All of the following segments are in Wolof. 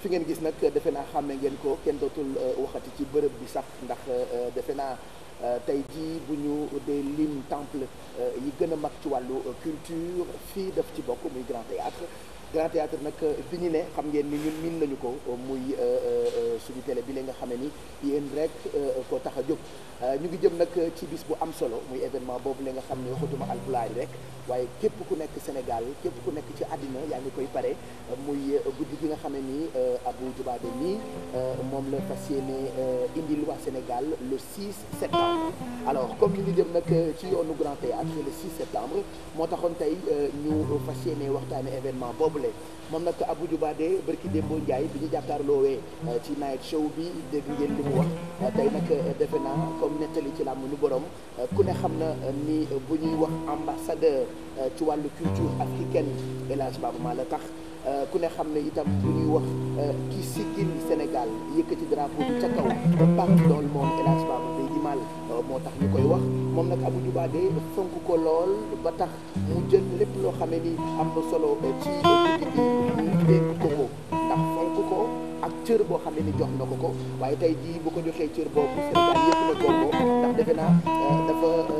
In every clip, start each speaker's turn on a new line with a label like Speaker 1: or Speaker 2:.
Speaker 1: fi ngeen gis nag defe naa xàmme ngeen ko kenn dootul euh, waxati ci bërëb bi sax ndax euh, euh, defe naa tey jii bu ñu dee lim temple yi gën a mag ci wàllu culture fii def ci bokk muy grand théâtre grand théâtre nag bi ñu ne xam ngeen ni ñun miin nañu ko muy suñu télé bi la nga xamee ni yéen rek ko tax a jóg ñu ngi jëm nag ci bis bu am solo muy événement boobu la nga xam ne waxatu yéene indil waa Sénégal le 6 septembre alors comme ñu ngi jëm nag euh, ci yoonu Grand Théâtre le 6 septembre moo taxoon tey euh, ñu fas yéene waxtaane événement boobule moom nag Abou Dioubade barki Dembo Ndiaye bi ñu jàkkaarloowee euh, ci night show bi dégg ngeen li mu wax tey nag defe comme nettali ci làmb ñu borom ku ne xam na ni bu ñuy wax ambassadeur ci wàllu culture ak El Hadj Baba maa la tax Euh, ku ne xam ne itam bu ñuy wax euh, ki siggil Sénégal yëkkati drapeau bi ca kaw partout dans le monde El Hadj Babou Bèye moo tax ñu koy wax moom nag Abou Dioubaté fonk ko lool ba tax mu jël lépp loo xame ni am na solo euh, ci dëkk bi dégg ko ko ndax fonk ko ak cër boo xam ne ni jox na ko ko waaye tey jii bu ko joxee cër boobu Sénégal yëpp na ko ndax defe naa dafa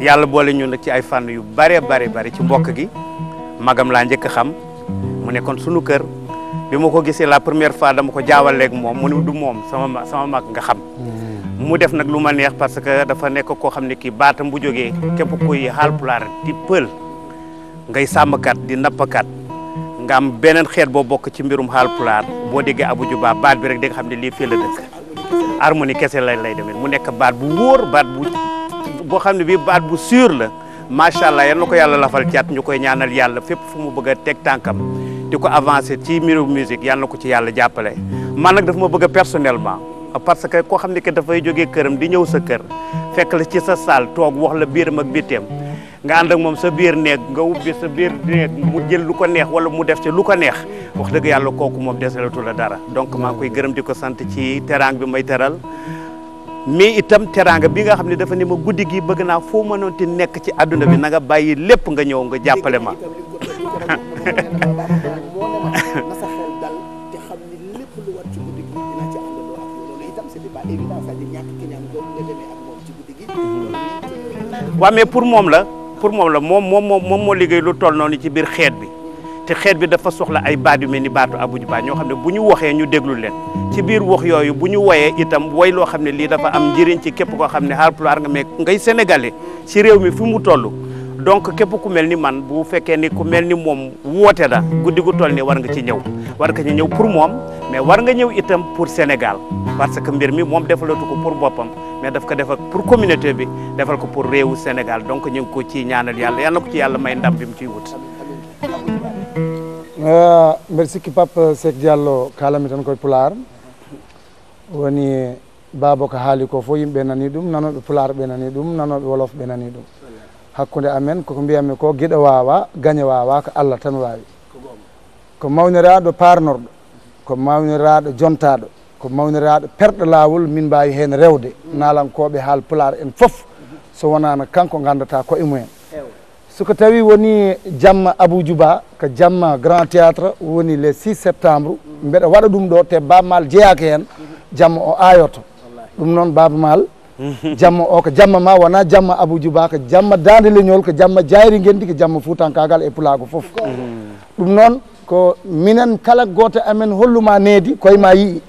Speaker 2: yàlla boole ñu nag ci ay fànn yu bare bare bare ci mbokk mhm. gi magam laa njëkk xam mu nekkoon sunu kër bi ma ko gisee la première fois dama ko jaawaleeg moom mu ne du moom sama sama mag nga xam mhm. mu def nag lu ma neex parce que dafa nekk koo xam ne kii baatam bu jógee képp kuy Haalpulaar di pël ngay nga am beneen xeet boo bokk ci mbirum Haalpulaar boo déggee Abu Juba baat bi rek di xam ne lii la lay lay demee mu nekk baat bu wóor baat bu boo xam ne bii baat bu sûr la macha allah yan la ko yàlla lafal cat ñu koy ñaanal yàlla fépp fu mu bëgg teg tànkam di ko avancer ci mbiru musique yàlla na ko ci yàlla jàppale. man nag dafa ma bëgg a personnellement parce que koo xam ne que dafay jógee këram di ñëw sa kër fekk la ci sa salle toog wax la biiram ak bitteem nga ànd ak moom sa biir néeg nga ubbi sa biir néeg mu jël lu ko neex wala mu def ci lu ko neex wax dëgg yàlla kooku moom desalatu la dara donc maa ngi koy gërëm di ko sant ci teraang bi may teral. mais itam teraanga bi nga xam ne dafa ne ma guddi gi bëgg naa foo mënoonte nekk ci àdduna bi mhm. nanga bàyyi lépp nga ñëw nga jàppale ma waaw pour moom la pour moom la moom moom moom moo liggéey lu toll noonu ci biir xeet bi te xeet bi dafa soxla ay baat yu mel ni baatu aboudiba ñoo xam ne bu ñu waxee ñu déglu leen ci biir wax yooyu bu ñu woyee itam woy loo xam ne lii dafa am njëriñ ci képp koo xam ne haalpulaar nga mais ngay sénégalais ci réew mi fi mu tollu donc képp ku mel ni man bu fekkee ni ku mel ni moom woote la guddi gu toll ni war nga ci ñëw war nga ci ñëw pour moom mais war nga ñëw itam pour Sénégal parce que mbir mi moom defalatu ko pour boppam mais daf ko defal pour communauté bi defal ko pour réewu Sénégal donc ñu ko ci ñaanal yàlla yàlla ko ci yàlla may ndam bi mu ciy wut
Speaker 3: Euh, mbeɗa sikki pape sek diallo kalami tan koye pular woni baaba ko haali ko fof yimɓe nani ɗum nanoɓe pular ɓe nani ɗum nanoɓe wolof ɓe nani ɗum hakkude amen koko mbiyatmi ko gueɗe wawa gañe wawa ko allah tan wawi ko mawniraɗo parnorɗo ko mawniraɗo jontaɗo ko mawniraɗo perɗo lawol min mbawi hen rewde nalankoɓe haal pular en foof so wonano kanko gandata koye mumen tawi woni jamma aboudiouba ko jamma grand théâtre woni le 6 septembre mbeɗa waɗa ɗum ɗo te babmal jeeyaka hen jamma o ayotto ɗum noon babamal jamma o ko jamma ma wona jamma aboudiouba ko jamma dande leñol ko jamma jayri gendi ko jamma fuutankagal e pulago foof ɗum noon ko minen kala goto amen holluma needi koyema yii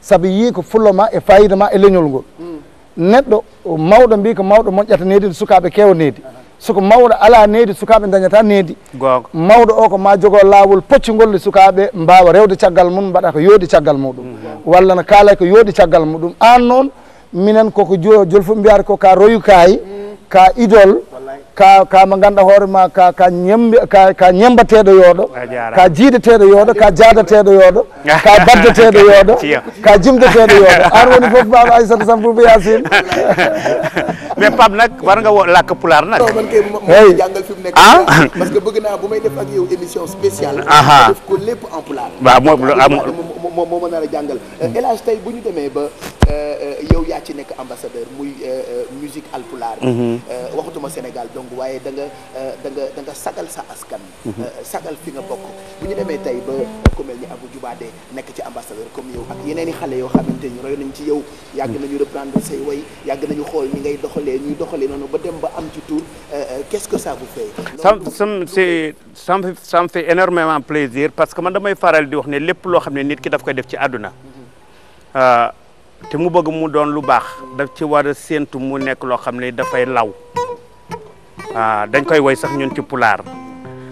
Speaker 3: saabu yii ko fullo ma e fayida ma e leñol ngol mm. neɗɗo mawɗo mbi ko mawɗo moƴƴata needi sukaɓe kewa needi soko mawɗo ala needi sukaɓe dañata needi mawɗo o ko ma jogo lawol poccugol e sukaɓe mbawa rewde caggal mum mbaɗa ko yooɗi caggal muɗum mhm. walla no kaalay ko yooɗi caggal muɗum an noon ko ka royukayi ka idole ka ka mo ganduɗa ka ka ñembi ka ka ñembateɗo yooɗo ka an woni fof mbawa aissata samboubou yasine
Speaker 2: mais Pape nag war nga woo làkk pulaar nag. non man kay ma jàngal fi mu nekk. ah parce que bëgg naa bu may def ak
Speaker 1: yow émission spéciale. Ah, ah. def ko lépp
Speaker 2: en pulaar. waaw
Speaker 1: moo mën a jàngal. Euh, El Hadj bu ñu demee ba euh, euh, yow yaa ci nekk ambassadeur muy musique alpulaar. Mm-hmm. waxutuma Sénégal donc waaye da nga da nga da nga sagal sa askan. Mm-hmm. sagal fi nga bokk bu ñu demee tey ba ku mel ni Abou Dioubade nekk ci ambassadeur comme yow ak yeneen i xale yoo xamante ni roy nañ ci yow. yàgg nañu reprendre say way yàgg nañu doxalee ñuy ba dem ba am ci tour euh, euh, qu'est-ce que
Speaker 2: ça énormément plaisir parce que man damay faral di wax ne lépp loo xam ne nit ki daf koy def ci àdduna euh, te mu bëgg mu doon lu baax daf ci war a séentu mu nekk loo xam ne dafay law dañ koy woy sax ñun ci pulaar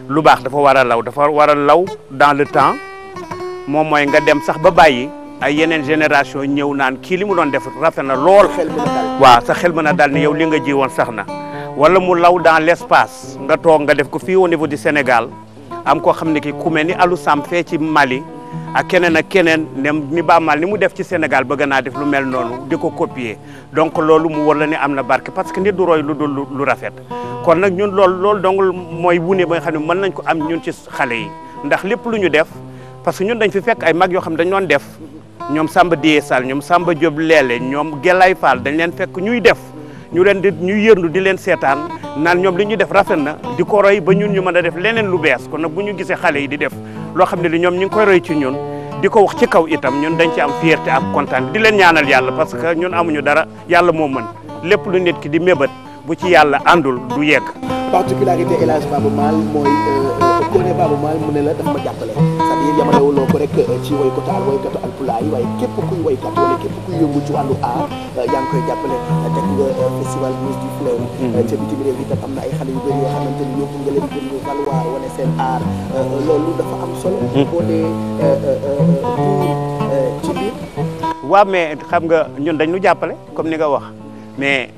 Speaker 2: lu baax dafa war a law dafa war a law dans le temps moom mooy nga dem sax ba bàyyi. ay yeneen génération ñëw naan kii li mu doon def rafet na lool waaw sa xel ma a daal ni yow li nga ji woon sax na wala mu law dans l'espace nga toog nga def ko fii au niveau du Sénégal am koo xam ne ki ku mel ni alu Sam fee ci Mali ak keneen ak keneen ne mi ba mal ni mu def ci Sénégal bëgg naa def lu mel noonu di ko copier donc loolu mu war la ne am na barke parce que ni du lu dul lu rafet kon nag ñun loolu loolu donc mooy wune ba nga xam ne mën nañ ko am ñun ci xale yi ndax lépp lu ñu def parce que ñun dañ fi fekk ay mag yoo xam dañ doon def ñoom Samba Dié Sall ñoom Samba joob Leele ñoom Gelay Fall dañ leen fekk ñuy def ñu leen di ñuy yërndu di leen seetaan naan ñoom li ñuy def rafet na di ko roy ba ñun ñu mën a def leneen lu bees kon nag bu ñu gisee xale yi di def loo xam ne li ñoom ñu ngi koy roy ci ñun di ko wax ci kaw itam ñun dañ ci am fierté ak kontaan di leen ñaanal yàlla parce que ñun amuñu dara yàlla moo mën lépp lu nit ki di mébét bu ci yàlla
Speaker 1: àndul du yegg particularité El Hadj Baaba Maal euh, ne Baaba Maal mu ne la daf ma jàppale cest à ko rek euh, ci woykatu al woykatu alpulaar yi waaye euh, euh, mm. ay xale yu bëri yoo xamante ni yóbbu nga leen gën loolu dafa am solo mm. boo dee
Speaker 2: mais xam nga ñun dañ ñu jàppale comme ni nga wax mais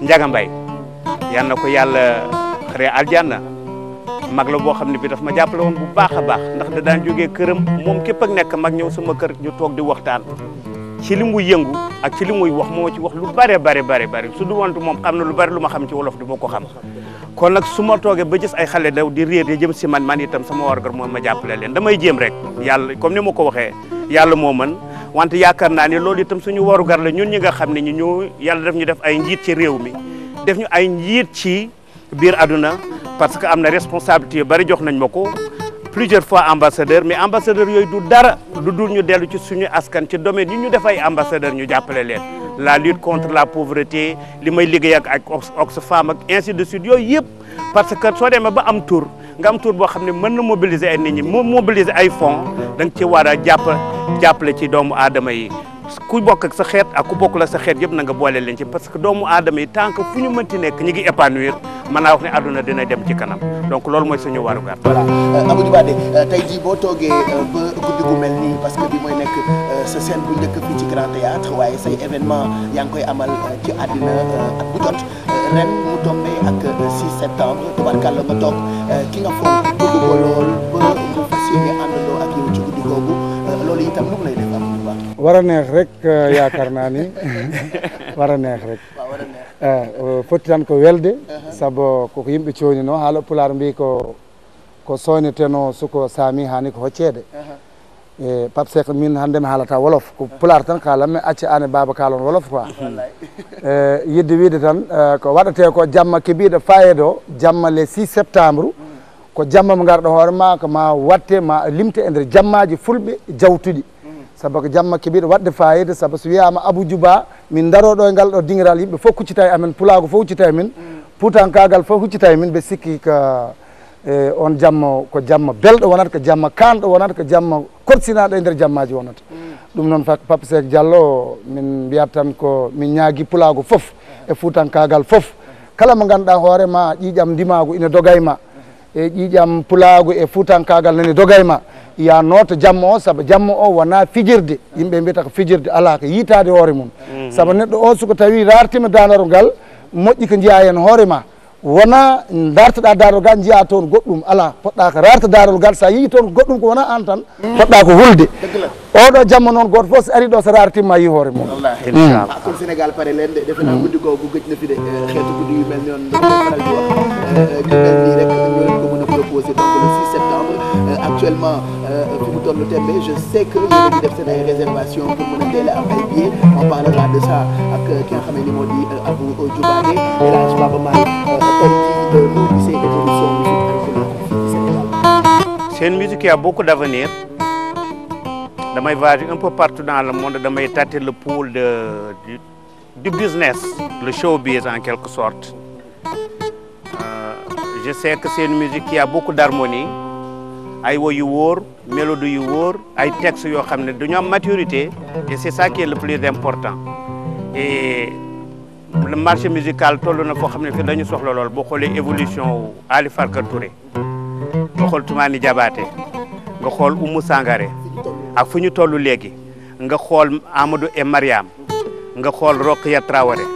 Speaker 2: Ndiaga Mbaye na ko yàlla xare aljanna mag la boo xam ne bi daf ma jàppale woon bu baax a baax ndax da daan jógee këram moom képp ak nekk mag ñëw sama kër ñu toog di waxtaan ci li muy yëngu ak ci li muy wax moo ci wax lu bare bare bare bare su du want moom am na lu bari lu ma xam ci wolof du ma ko xam kon nag su ma toogee ba gis ay xale daw di réer di jëm si man man itam sama wargar moom ma jàppale leen damay jéem rek yàlla comme ni ma ko waxee yàlla moo mën wante yaakaar naa ne loolu itam suñu warugar la ñun ñi nga xam ne ñu ñoo yàlla def ñu def ay njiit ci réew mi def ñu biir àdduna parce que am na responsabilité yu bari jox nañ ma ko plusieurs fois ambassadeur mais ambassadeur yooyu du dara lu dul ñu dellu ci suñu askan ci domaine yi ñu def ay ambassadeur ñu jàppale leen la lutte contre la pauvreté li may liggéey ak ak Oxfam ak ainsi de suite yooyu yëpp parce que soo demee ba am tour nga am tour boo xam ne mën na mobiliser ay nit ñi moo mobiliser ay fonds da nga ci war a jàpp jàppale ci doomu aadama yi ku bokk sa xeet ak ku bokkul ak sa xeet yëpp na nga boole leen ci parce que doomu aadama yi tant que fu ñu mënti nekk ñi ngi épanouir mën naa wax dem ci kanam donc loolu mooy suñu warugar.
Speaker 1: voilà euh, Abdou Badé euh, tey jii boo toogee euh, ba guddi gu mel nii parce que bi mooy nekk sa scène bu njëkk fii ci Grand Théâtre waaye say événement yaa ngi koy amal ci àddina ak bu jot ren mu tombé ak 6 septembre tubarkàlla nga toog ki nga foog bëgg ko lool ba nga fas yéene àndandoo
Speaker 3: war a neex rek euh, yaakaar naa ni war neex rek euh, euh, foti tan ko welde uh-huh. saabu koko yimɓe cooni noo haala pulaar mbi ko ko soyneteno suko saami hani ko hocceede uh-huh. e min hannde mi haalata wolof ko uh-huh. pulaar tan kaalanmi acca aan baaba kaalon wolof e, ko waɗate ko jamma kebiiɗo fayede jamma le 6 septembre mm. ko jamma mo ngarɗo hoore ma ko ma watte ma limte e ndeer jammaji fulɓe jawtuɗi saabu ko jamma keɓiɗo waɗde fayida saabu so wiyama aboudjou ba min daroɗo e ngal ɗo dingiral yimɓe fof kuccita e amen pulago fof huccita e min mm. putankagal fof huccita e min ɓe sikki ko e on jamma ko jamma belɗo wonata ko jamma kanɗo wonata ko jamma korsinaɗo e nder jammaji wonata mm. ɗum noon papa sek min mbiyat ko min ñaagui pulago foof e fuutankagal foof mm. kala mo ganduɗa hoorema ƴiƴam ndimago ina doga ma e ƴiƴam pulaagu e fuutankagal nani dogay ma ya noota jamma o saabu jamma o wona fijirde yimɓe mbiyata ko fijirde ala ko hoore mum mm-hmm. saabu neɗɗo o soko tawi rartima dandaro ngal moƴƴi ko jiya hen hoore ma wona dartoɗa darolgal jiya toon goɗɗum ala poɗɗa ko rarta darolgal sa yii toon goɗɗum ko wona an tan poɗɗa ko hulde oɗo jamma noon goto fof so ari ɗo so rartimma yi hoore mum
Speaker 1: mm. proposé donc le 6 septembre euh, actuellement euh, fi mu toll tembe je sais que yéen a ngi def seen ay réservation pour mën a teel a am ay billets on parlera de ça ak ki nga xam ne ni moo di euh, Abou Dioubane El Hadj Baba Malick tey jii ñu gisee évolution musique alpulaar fii ci
Speaker 2: Sénégal. seen musique y a beaucoup d'avenir damay voyager un peu partout dans le monde damay tâter le pouls de du du business le showbiz en quelque sorte. Euh, je sais que c'est une musique qui ay woy yu wóor mélodie yu wóor ay textes yoo xam ne dañoo am maturité et c'est ça qui est le plus important et le marché musical na foo xam ne fii dañu soxla lool boo xoolee évolution wu Ali Farka Touré nga xool Toumani Diabaté nga xool Oumou Sangaré ak fu ñu toll léegi nga xool Amadou et Mariam nga xool Rokhia Traoré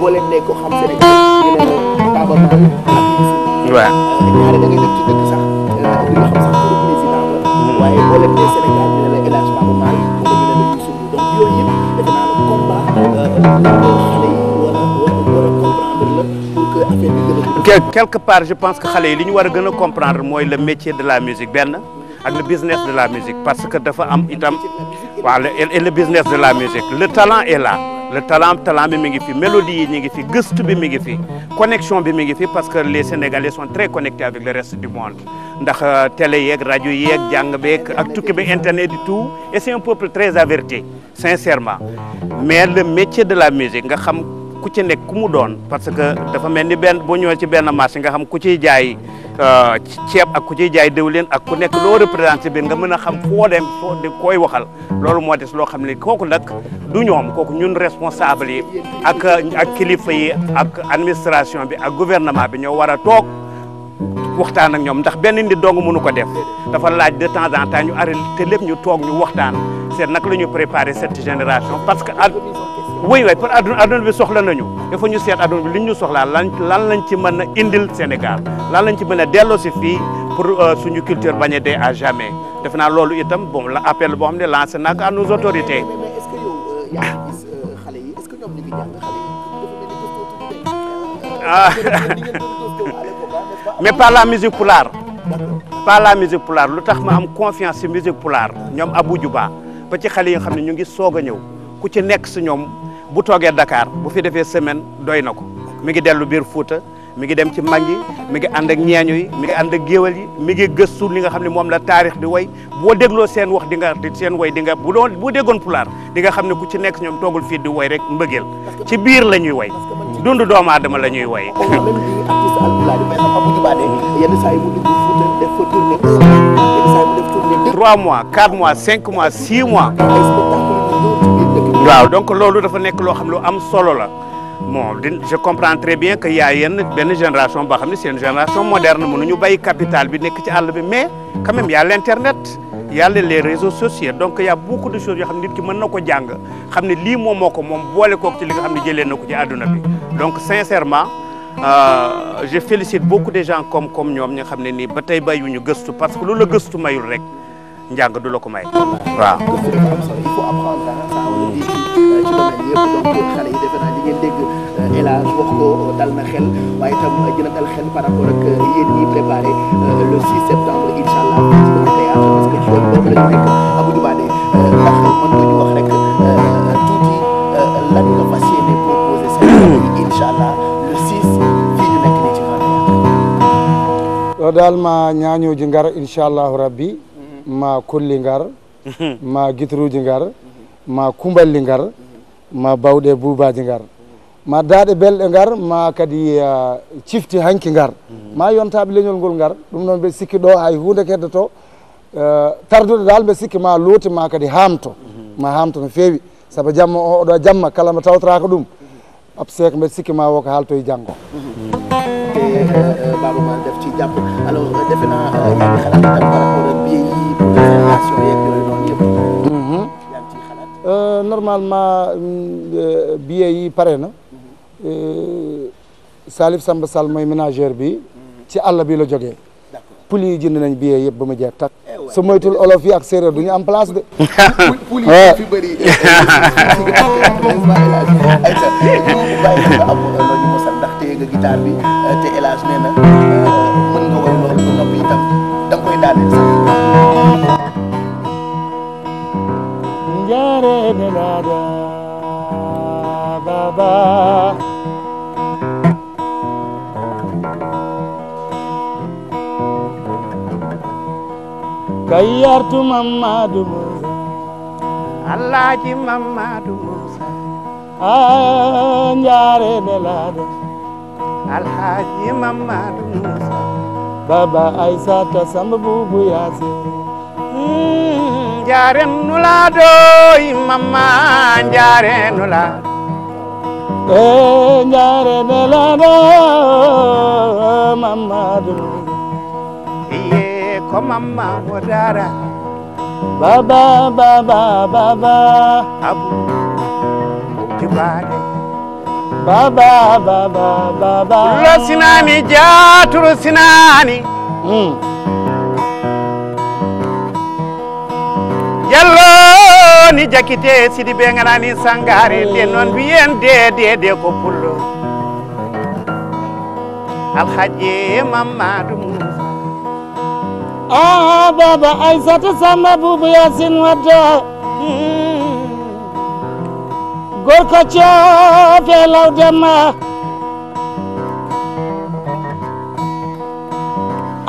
Speaker 1: boo leen nekk xam Sénégal ñu ne Baba Maal ak Youssou. waaw ñaare da ngay def ci dëkk sax di nga xam sax turu président la. waaye boo leen nee Sénégal ñu ne la El Hadj Baba Maal ñu ne la Youssou donc yooyu yëpp defe naa la combat. Euh,
Speaker 2: xale yi war a war a war a comprendre la pour que affaire bi gën a. quelque part je pense que xale yi li ñu war a gën a comprendre mooy le métier de la musique benn. ak le business de la musique parce que dafa am itam waaw et le business de la musique le talent est là le talent talent bi mi ngi fi mélodie yi ñu ngi fi gëstu bi mi ngi fi connexion bi mi ngi fi parce que les sénégalais son très connectés avec le reste du monde ndax euh, télé yeeg rajo yeeg jàng beeg ak tukki bi internet et tout et c'est un peuple très averti sincèrement mais le métier de la musique nga xam ku ci nekk ku mu doon parce que dafa mel ni benn boo ñëwee ci benn marché nga xam ku ciy jaay. Euh, ceeb ak ku ciy jaay diwlin ak ku nekk loo représenté biir nga mën a xam foo dem foo de waxal loolu moo des loo xam ne kooku nag du ñoom kooku ñun responsable yi ak ak kilifa yi ak administration bi ak gouvernement bi ñoo war a toog waxtaan ak ñoom ndax benn nit dong mënu ko def dafa laaj de temps en temps ñu arrêté lépp ñu toog ñu waxtaan seet nag la ñu préparé cette génération parce que wéy waay pour adduna bi soxla nañu il faut ñu seet adduna bi li ñu soxlaa lan lan lañ ci mën a indil Sénégal lan lañ ci mën a delloo si fii pour euh, suñu culture bañ a dee à jamais def naa loolu itam bon la appel boo xam ne lancé naa ko à nos autorités.
Speaker 1: Euh, euh, ah mais par la musique pulaar
Speaker 2: la musique pulaar lu tax ma am confiance ci musique pulaar ñoom Abou Djouba ba ci xale yi xam ne ñu ngi soog a ñëw. ku ci nekk si ñoom bu toogee dakaar bu fi defee semaine doy na ko mi ngi dellu biir Fuuta mi ngi dem ci mag yi mi ngi ànd ak ñeeño yi mi ngi ànd ak géwél yi mi ngi gëstu li nga xam ne moom la taarix di way boo dégloo seen wax di nga seen way di nga bu doon bu déggoon pulaar di nga xam ne ku ci nekk ñoom toogul fi di woy rek mbëggeel ci biir la ñuy way dund doomu aadama la ñuy way trois mois quatre mois cinq mois six mois waaw donc loolu dafa nekk loo xam loo am solo la bon je comprends très bien que y yenn benn génération boo xam ne seen une génération moderne mënuñu bàyyi capital bi nekk ci àll bi mais quand même y a l'internet y a les réseaux sociaux donc y a beaucoup de choses yoo xam ne nit ki mën na ko jàng xam ne lii moom moo ko moom boole kook ci li nga xam ne jëleen na ko ci aduna bi donc sincèrement euh, je félicite beaucoup des gens comme comme ñoom ñi xam ne nii ba tey bàyyiwuñu gëstu parce que loolu la gëstu mayul rek njàng ko may waaw
Speaker 1: produit yi ci domaine dal na xel waaye itam
Speaker 3: dina rabbi mm-hmm. ma kolli ma guitruji ngar ma kumballi ngar ma bawɗe bubaji ngar ma daaɗe belɗe ngar ma kadi cifti hanki ngar ma yontaɓe leñol ngol ngar ɗum noon mbeɗa sikki ɗo hay hunde keddoto e, tardude dal mbeɗa sikki ma looti ma kadi hamto no feewi saabu jamma o oɗo jamma kala mo tawtoraka ɗum absek mbeɗa sikki ma wo ko haaltoye e, e,
Speaker 1: ci jàpp alors defe na
Speaker 3: euh, Euh, normalement euh, bi yi pare na mhm. euh, Salif Samba Sall mooy ménageur bi mhm. ci àll bi la jógee poul yi jënd nañ billet yëpp ba mu jeex tak eh su moytul olof yi ak séeréer du am place de. poul yi fi bëri. ayca ñu bàyyi la nga am
Speaker 1: lu bi te El nee na.
Speaker 3: ne la da ba ba Kayartu Mamadou Moussa Alaaji
Speaker 2: Mamadou Moussa a
Speaker 3: ah, njaare ne la Samba Boubou Yassine njaaren nu laa dooyi mama njaaren nu ee njaaren nu laa doo mama dooyi
Speaker 2: ko mama wo baba baba baba abu tibaade sinaani jaaturu sinaani mm. yallo ni jakite sidi ɓe ganani sangare nden noon mbiyen dedede ko pullo alhaji mamadou mousa
Speaker 3: a ah, baba aissata samba boubou yasin wadda gorko coofe law demma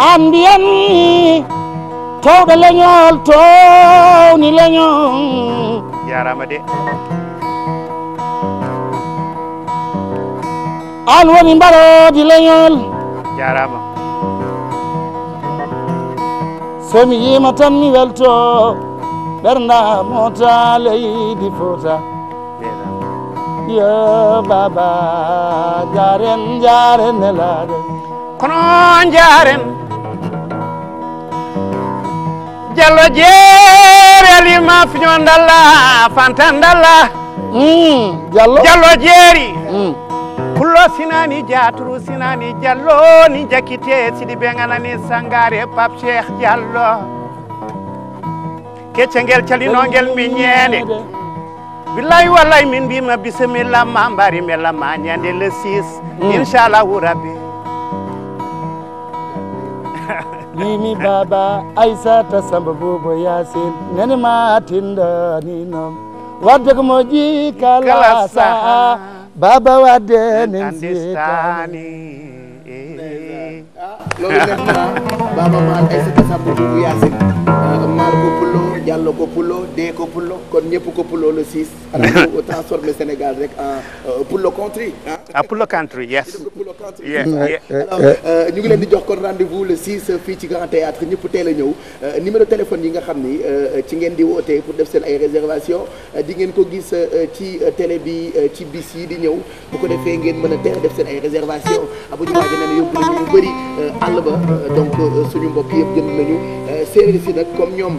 Speaker 3: an mbiyami towɗo leñol towni leño jarama de an woni mbaɗodi leñol jarama somi yima tan mi welto ɓernamota leydi fota yo baba jaren jaren nelaɗo kono jaren jallo jeeri alima fiñon dalla
Speaker 2: fantan dalla hmm, jallo jallo jeeri hmm. pullo sinani jaturu sinani jallo ni jakite sidi ɓe ganani sangare pape cheikh diallo kecce ngel calinogel min ñeende billahi wallahi min mbima bisimilla ma mbari mi lamma ñande le 6 hmm. inchallahu rabbi
Speaker 3: mimi baba aissata samba bobo yasin nani ma tindaninom wadde ko moƴƴi kala saha baba wadde nen sitani
Speaker 1: loolu def naa Baaba Maal ay sa tasamb bu yaasin euh, maar ko pulloo jàllo ko pulloo dee ko pulloo kon ñëpp ko pulloo le 6 arabu transformer Sénégal rek en euh, pullo country ah pullo country yes pullo euh, ñu ngi leen di jox kon rendez-vous le 6 fii ci Grand Théâtre ñëpp teel a ñëw numéro téléphone yi nga xam ni ci ngeen di wootee pour def seen ay réservation di ngeen ko gis ci télé bi ci bis yi di ñëw bu ko defee ngeen mën a teel def seen ay réservation abu ñu àll ba euh, donc euh, suñu mbokk yëpp jënd nañu euh, séeréer si nag comme ñoom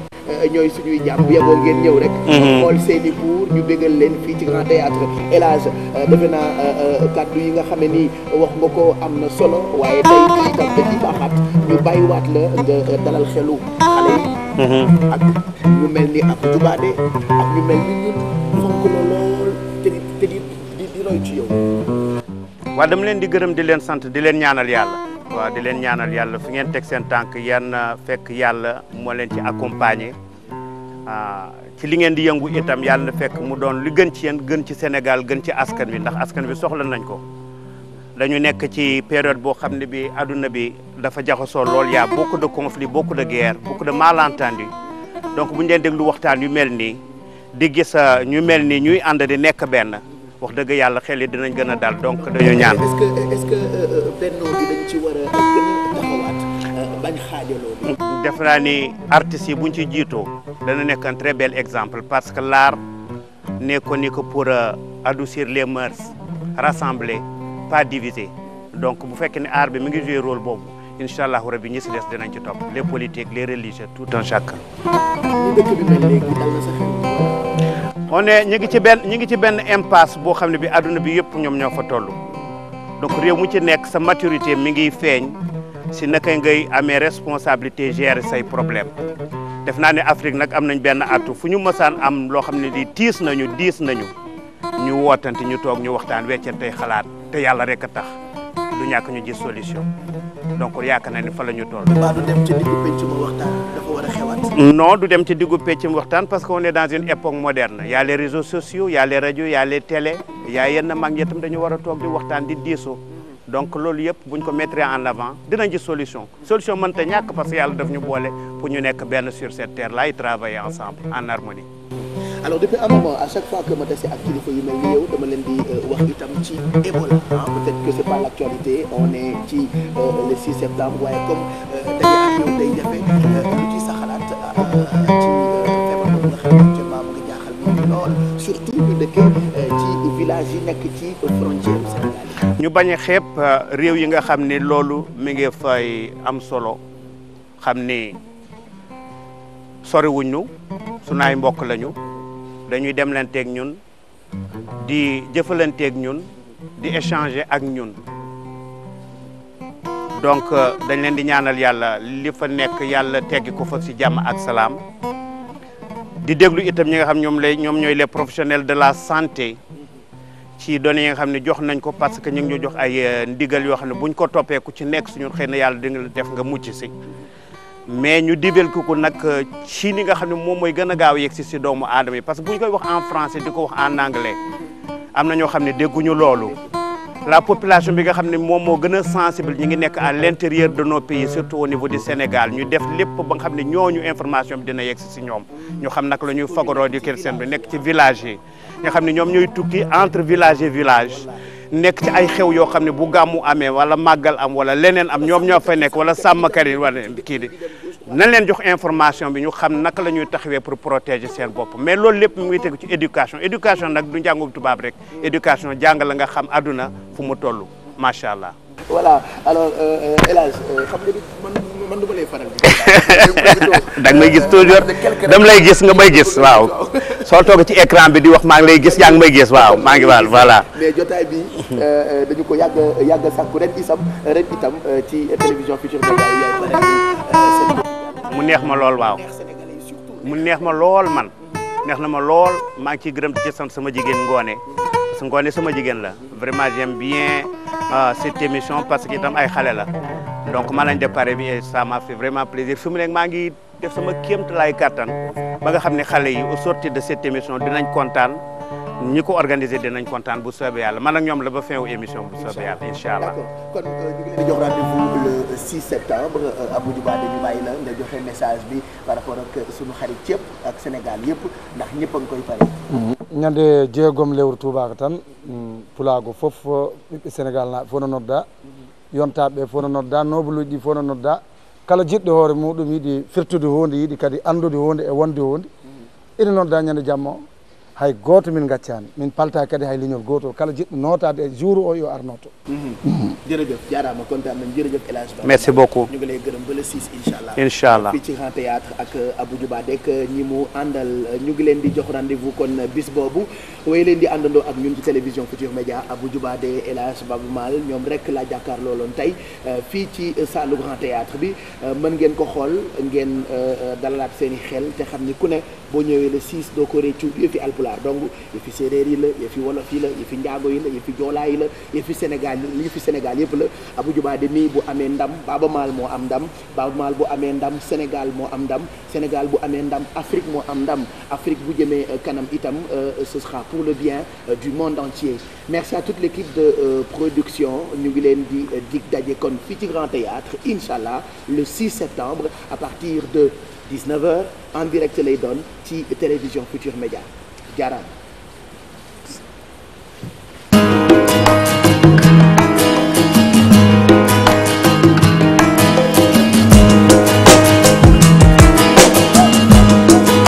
Speaker 1: ñooy suñuy jàmm yeboo ngeen ñëw rek mhm. xool seen i ñu bégal leen fii ci grand théâtre élage defe naa kàddu yi nga xam ne nii wax nga ko am na solo waaye tey jii tam dañ ci baaxaat ñu bàyyiwaat la nga dalal xelu xale mhm. ak ñu mel ni ak jubaade ak ñu mel ni ñun fonk la lool te di te di di roy ci yow waa dama
Speaker 2: leen di gërëm di leen sant di leen ñaanal yàlla waaw di leen ñaanal yàlla fu ngeen teg seen tànk yan fekk yàlla moo leen ci accompagner ah, ci li ngeen di yëngu itam yàlla na fekk mu doon li gën ci yéen gën ci Sénégal gën ci askan wi ndax askan wi soxla nañ ko dañu nekk ci période boo xam ne bi adduna bi dafa jaxasoo lool yaa beaucoup de conflits da de guerres beaucoup de malentendus donc bu ñu leen déglu waxtaan yu mel nii di gis ah, ñu mel ni ñuy ànd di nekk benn wax dëgg yàlla xel dinañ gën a dal donc dañu ñaan. est-ce
Speaker 1: que est-ce que euh, euh, bennoo bi dañ ci war a euh, bañ xaajaloo.
Speaker 2: def naa ni artistes yi buñ ci jiitoo dana nekk un bel exemple parce que laar nekkoon ni que pour adoucir les mœurs rassembler pas diviser donc bu fekkee ne art bi mu ngi joué rôle boobu. incha allahu rabi ñi si des dinañ ci topp les politiques le religieux tout un chacun. on est ñu ngi ci benn ñu ngi ci benn impasse boo xam ne bi adduna bi yëpp ñoom ñoo fa toll donc réew mu ci nekk sa maturité mi ngi feeñ si naka ngay amee responsabilité gérer say problème def naa ne Afrique nag am nañ benn atu fu ñu mosaan am loo xam ne di tiis nañu diis nañu ñu wootante ñu toog ñu waxtaan weccantey xalaat te yàlla rek a tax du ñàkk ñu ji solution donc yaakaar na ne ñu toll. non du dem ci diggu peccum waxtaan parce qu'on est dans une époque moderne y a les réseaux sociaux y a les radios y télé y a yenn mag itam dañu war a toog di waxtaan di diisoo donc loolu yëpp buñ ko mettre en avant dinañ ci solution solution mënta ñàkk parce que yàlla daf ñu boole pour ñu nekk benn sur cette terre là et travailler ensemble en harmonie.
Speaker 1: alors depuis un moment à chaque fois que ma dese ak kilifa euh, ah, on est ci euh, septembre waaye comme euh, dañuy surtout ñu dëkk ci village yi nekk ci ñu bañ a
Speaker 2: xeeb euh, réew yi nga xam ne loolu mi ngi fay am solo xam ni soriwuñ ñu sunaay mbokk lañu dañuy demlanteeg ñun di jëfalanteeg ñun di échanger ak ñun donc euh, dañ leen di ñaanal yàlla li fa nekk yàlla teggi ko fa si jàmm ak salaam di déglu itam ñi nga xam ñoom lay ñoom ñooy les professionnels de la santé ci données yi nga xam ne jox nañ ko parce que ñu ngi ñu jox ay euh, ndigal yoo xam ne buñ ko toppee ku ci nekk suñu xëy na yàlla di nga def nga mucc si mais ñu dibel ko nag euh, ci ni nga xam ne moom mooy gën a gaaw yegg si si doomu aadama yi parce que buñ ko wax en français di ko wax en anglais am na ñoo xam ne dégguñu loolu la population bi nga xam ne moom moo gën a sensible ñi ngi nekk à l'intérieur de nos pays surtout au niveau du Sénégal ñu def lépp ba nga xam ne ñooñu information bi dina yegg si si ñoom ñu xam nag la ñuy fagaroo di kër seen bi nekk ci village yi nga xam ne ñoom ñooy tukki entre village et village nekk ci ay xew yoo xam ne bu gàmmu amee wala màggal am wala leneen am ñoom ñoo fa nekk wala sàmmkat yi wala kii di nan leen jox information bi ñu xam naka la ñuy taxawee pour protéger seen bopp mais loolu lépp mu ngi tegu ci éducation éducation nag du njàngum tubaab rek éducation jàng la nga xam àdduna fu mu tollu macha allah.
Speaker 1: voilà alors euh, euh, El da euh,
Speaker 2: nga may gis toujours dam lay gis nga may gis waaw soo toog ci écran bi di wax maa ngi lay gis yaa ngi may gis waaw maa ngi waal voilà.
Speaker 1: mais jotaay bi dañu ko yàgg yàgg sàkku ren itam ren itam ci télévision Futurs Médias yaay
Speaker 2: mu neex ma lool waaw mu neex ma lool man neex na ma lool maa ngi ciy gërëm di ci sant sama jigéen ngoone su que ngoone sama jigéen la vraiment j'aime bien euh, cette émission parce que itam ay xale la donc ma lañ déparé bi et sama m'a fait vraiment plaisir fi mu nekk maa ngi def sama kéemtalaay kàttan ba nga xam ne xale yi au sortir de cette émission dinañ kontaan ñi ko organisé dinañ kontaan bu soobee yàlla man ak ñoom la ba fin wu émission bu soobee yàlla incha
Speaker 1: 6 septembre euh, Abdou Ba dañu bàyyi la nga joxe message bi par rapport ak sunu xarit yëpp ak Sénégal yëpp ndax ñëpp koy pare.
Speaker 3: Mmh. ñande jeegom lewru tubaako tan mmh, pulaago fof ɓiɓɓe sénégal naaɓe fof no nodda yontaɓe ɓe fof nodda nobluji ɗi fof nodda kala jiɗɗo hoore muɗum yiiɗi firtude hunde yiiɗi kadi andude hunde e wonde hunde mmh. ina nodda ñande jamma o hay gooto min gaccani min palta kadi hay leñol gotol kala jiɗɗo notade e jour o yo arnoto mhm.
Speaker 1: jërëjëf jaarama kontaan nañ jërëjëf El Hadj Ba merci beaucoup ñu ngi lay gërëm ba la 6 inchallah inchallah fii ci Grand Théâtre ak Abou Diouba Dek ñi mu àndal ñu ngi leen di jox rendez-vous kon bis boobu way leen di àndandoo ak ñun ci télévision Futurs Médias Abou Diouba de El Hadj Mal ñoom rek la jàkkaar looloon tey euh, fii ci sallu Grand Théâtre bi euh, mën ngeen ko xool ngeen euh, dalalaat seen i xel te xam ku ne boo ñëwee le 6 doo ko réccu pulaar donc yëfi séeréer yi la yëfi wolof yi la fi njaago yi la yëfi joolaa yi la yëfi Sénégal fi Sénégal yëpp la Abdou Diouf de mi bu amee ndam Baaba Maal moo am ndam Baaba Maal bu amee ndam Sénégal moo am ndam Sénégal bu amee ndam Afrique moo am ndam Afrique bu jëmee euh, kanam itam euh, ce sera pour le bien euh, du monde entier merci à toute l'équipe de production ñu ngi leen di dig daje kon fii ci Grand Théâtre incha allah le 6 septembre à partir de 19h en direct lay doon ci télévision Futur Média jaraan